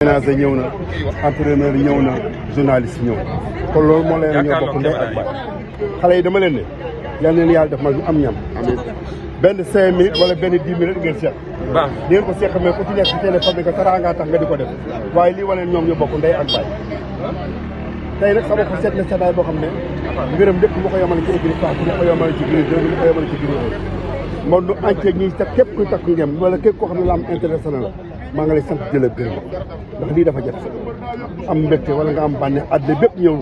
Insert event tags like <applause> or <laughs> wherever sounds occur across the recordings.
ménager ñëw na entraîneur ñëw na journaliste ñëw na kon loolu moo leen ñoo bokk ndey ak baay xale yi dama leen ne leen yàlla def mag ñu am ñam benn cinq minutes wala benn dix minutes ngeen seq di ngeen ko seq nga ko def waaye lii waleen ñoom ñu bokk ak baay tey nag sama ko seet na seetaay boo xam ne ngërëm lépp lu ko yemale ci ko yemale ci ko yemale monde entier ñuy takk képp kuy takk ngem wala képp koo xam ne la am intéressé la maa nga lay sant di la gërëm ndax lii dafa jafe am mbégte wala nga am bànneex àddina bépp ñëw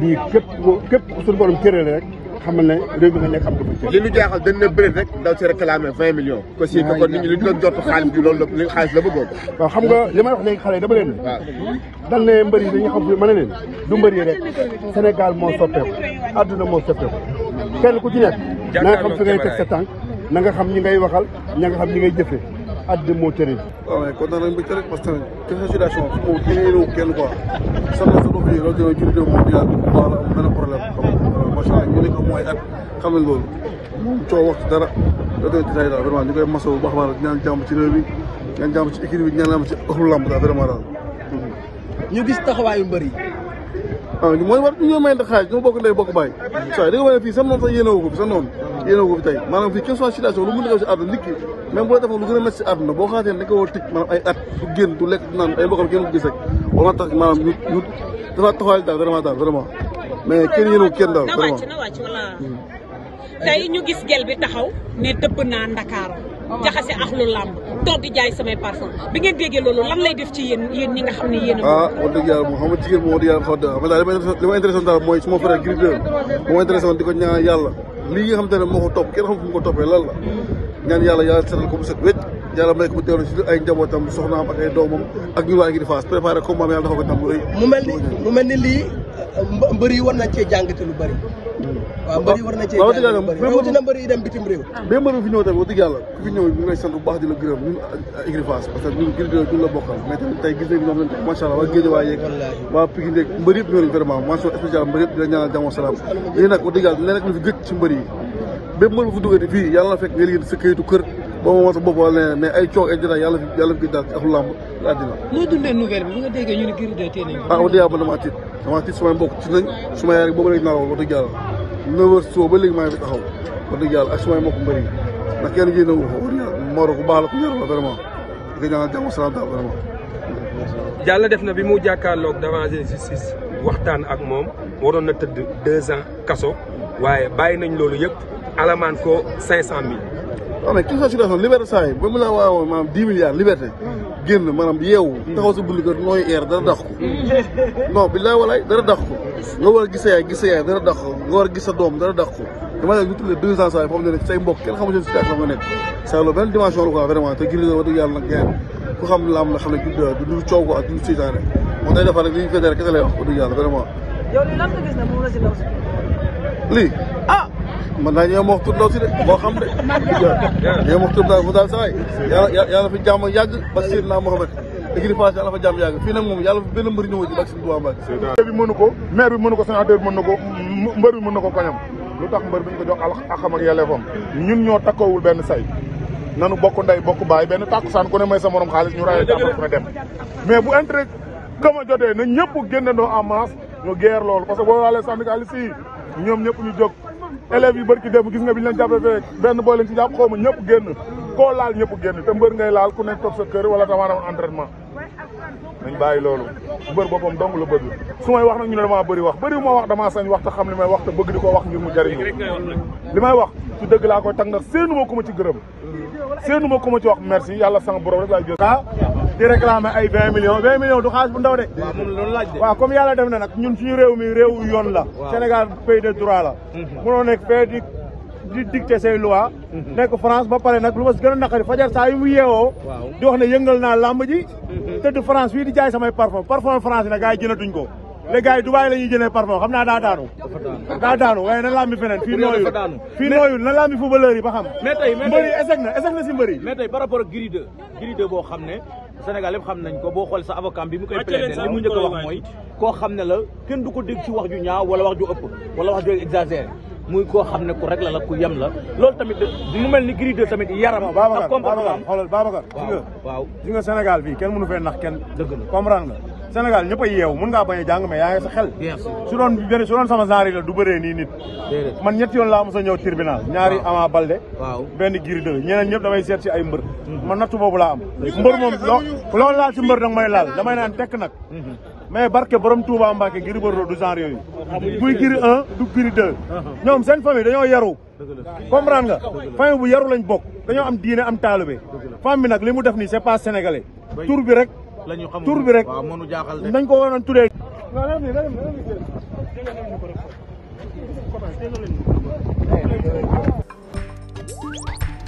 lii képp képp suñu borom cëréele rek xamal ne réew mi nekk am dafa cër li ñu jaaxal na bëri rek daw si réclamé vingt millions ko si ko nit ñi li ñu doon jot xaalis bi loolu la xaalis la bëggoon waaw xam nga li may wax léegi xale yi dama leen ne ne mbëri dañu xam fi mën leen du mbëri rek Sénégal moo soppeeku àdduna moo soppeeku kenn ku ci nekk na nga xam fi ngay teg sa nanga xam ñi ngay waxal ña nga xam ñi ngay jëfee àddina moo tëri. waaw mais kontaan nañu bëccëg rek parce que tamit situation bi moom jëlee kenn sa bopp yi loolu tamit jur gi moom dinaa am benn problème xam euh, macha allah mooy wax dara loolu tamit dinañ daal vraiment ñu koy masawu bu ci réew mi bi ñaan jàmm ci ëxlu làmb daal vraiment mbër yi. ah mooy war ñu may ndax xaaj ñu bokk ndey bokk bàyyi. saa yi da nga wane fii sa noonu sax yéene wu ko sa noonu yéen a ko fi tey maanaam fii quelle soit situation lu a xew si àdduna nit ki même lu gën a métti si àdduna boo xaatee ne ko a tëj maanaam ay at du génn du lekk du dafa taxawaay daal vraiment mais kenn yéen a kenn daal vraiment hmm. tey ñu gis gel bi taxaw ne dëpp naa Ndakaaru ah. jaxase ak lu làmb jaay samay parfum bi ngeen déggee loolu lan lay def ci yéen ñi nga xam ne yéen a. ah wax dëgg yàlla moom dëgg yàlla xaw ma daal ma intéressant daal mooy suma frère Gris 2 moo di ko ñaan yàlla lii nga xam te moo ko topp kenn xam fu mu la ñaan yàlla yàlla seetal ko mu set wécc yàlla may ko mu teewlu ci ay njabootam soxnaam ak ay doomam ak ñu waa ngi di faas préparé comme maam yàlla dafa ko ndam mu mel ni mu mel ni lii mbër yi war nañ cee jàngate lu mbër yi war nañ cee jàngate lu mbër yi dem bitim réew. mais mbër fi ñëw tamit wax dëgg fi ñëw ñu ngi sant bu baax di la gërëm ñun Igri parce que ñun Gris Bordeaux ñun la bokkal mais tamit gis nañ ñoom lañ allah waa Guédiawaye yeeg waa Pikine yeeg mbër yëpp ñëw nañ vraiment mention spéciale mbër yëpp di la ñaanal salaam lii nag wax dëgg yàlla leneen lu fi gëj mbër yi bépp mbër bu fi duggati fii yàlla la fekk nga liggéey sa kër boo ma woote boppam wala mais ay coow ay jotaay yàlla fi yàlla fi daal ak làmb la àddina. noo dundee nouvelle bi bu nga déggee ñu ne Gris 2 tee nañ ko. ah wax dëgg yàlla man damaa tiit damaa tiit samay mbokk tiit nañ suma yaay rek boobu léegi naroon wax dëgg yàlla neuf heures suba ba léegi maa ngi fi taxaw wax dëgg yàlla ak sumay mbokk mbëri ndax kenn gi nawu ko wax dëgg yàlla Mor ku baax la ku yar la vraiment di ko ñaanal jàmm salaam daal vraiment. yàlla def na bi mu jàkkaarloog devant justice waxtaan ak moom waroon na tëdd deux ans kaso waaye bàyyi nañ loolu yëpp alamaan ko cinq cent mille non mais question situation liberté saa yi ba mun naa waawoon maanaam dix milliards liberté génn maanaam yeewu taxaw sa bunt nooy air dara dax ko non billaay walaay dara dax ko nga war a gis sa yaay gis sa dara dax nga war a sa doom dara dax ko dama ne ñu tuddee deux cent saa yi foofu ne say mbokk kenn xamul seen situation nga nekk saa benn dimension la quoi vraiment te giri wax dëgg yàlla ku xam la la xam ne du du coow ko ak du seytaane moo tax defar rek li ñu fédéré kese lay wax wax nga gis man naa ñëw ma wax tur ndaw si de moo xam de. <laughs> ñëw ma tur ndaw mu daal saa yi. fi jàmm yàgg ba siir naa Mohamed. écurie Fass yàlla fa jàmm yàgg fii nag moom yàlla fi benn mbër ñëw ci bak si Touba Mbacké. bi mënu ko maire bi mënu ko sénateur bi na ko mbër bi mën na ko koñam lu tax mbër bi ñu ko jox àqam ak yelleefam ñun ñoo takkoowul benn say nanu bokk ndey bokk baay benn tàkkusaan ku ne may sa morom xaalis ñu raye jàppal ku ne dem mais bu intérêt kama jotee na ñëpp génnandoo en masse ñu geer loolu parce que boo laalee syndicaliste yi ñoom ñëpp ñu jóg élèves yi bërki dem gis bi ñu leen jàppee fee benn boo leen ci jàpp xaw ma ñëpp génn koo laal ñëpp génn te mbër ngay laal ku nekk toog sa kër wala tamaanaam entraînement nañ bàyyi loolu bër boppam dong la bëgg su may wax nag ñu ne damaa bëri wax bëri moo wax damaa sañ wax ta xam li may wax te bëgg di ko wax ngir mu jariñu li may wax ci dëgg laa koy tag ndax séenu ma ku ma ci gërëm séenu ma ku ma ci wax merci yàlla sang borom rek laay jël di réclamer ay vingt millions vingt millions du xaalis bu ndaw de waaw comme yàlla def na nag ñun ñu réew mi réewu yoon la Sénégal pays de droit la mënoo mhm. nekk fee di di dicté say loi mhm. nekk France ba pare nag lu ma si gën a naqari fajar saa yu mu yeewoo di wax ne yëngal naa làmb ji mhm. tëdd France fii di jaay samay parfum parfum France nag gars yi jëlatuñ ko léegi gars yi Dubaï la ñuy jëlee xam naa daa daanu daa daanu waaye na làmbi feneen fii nooyul fii nooyul na Sénégal yëpp xam nañ ko boo xool sa avocat bi mu koy plaider li mu njëkk a wax mooy koo xam ne la kenn du ko dégg ci wax ju ñaaw wala wax ju ëpp wala wax ju exagéré muy koo xam ne ku rek la la ku yem la loolu tamit mu mel ni gri tamit yaram na comportement xoolal Babacar waaw waaw di nga Sénégal fii kenn mënu fee nax kenn dëgg la comprendre nga Sénégal ñëpp a yeewu mun ngaa bañ a jàng mais yaa ngi sa xel su doon benn su doon sama genre yi a ñëw tribunal ñaari Ama Baldé benn Gris 2 ñeneen ñëpp damay seet si mhm. am naan tekk nag mhm. mais barke borom Touba Mbacke Gris Bordeaux du genre yooyu buy Gris 1 du Gris 2 mhm. ñoom seen famille dañoo yaru comprendre nga famille bu yaru lañ bokk dañoo am diine am taalube femme bi nag li mu def nii c'est pas sénégalais rek tur bi rek nañ ko waroon turee. Thank you.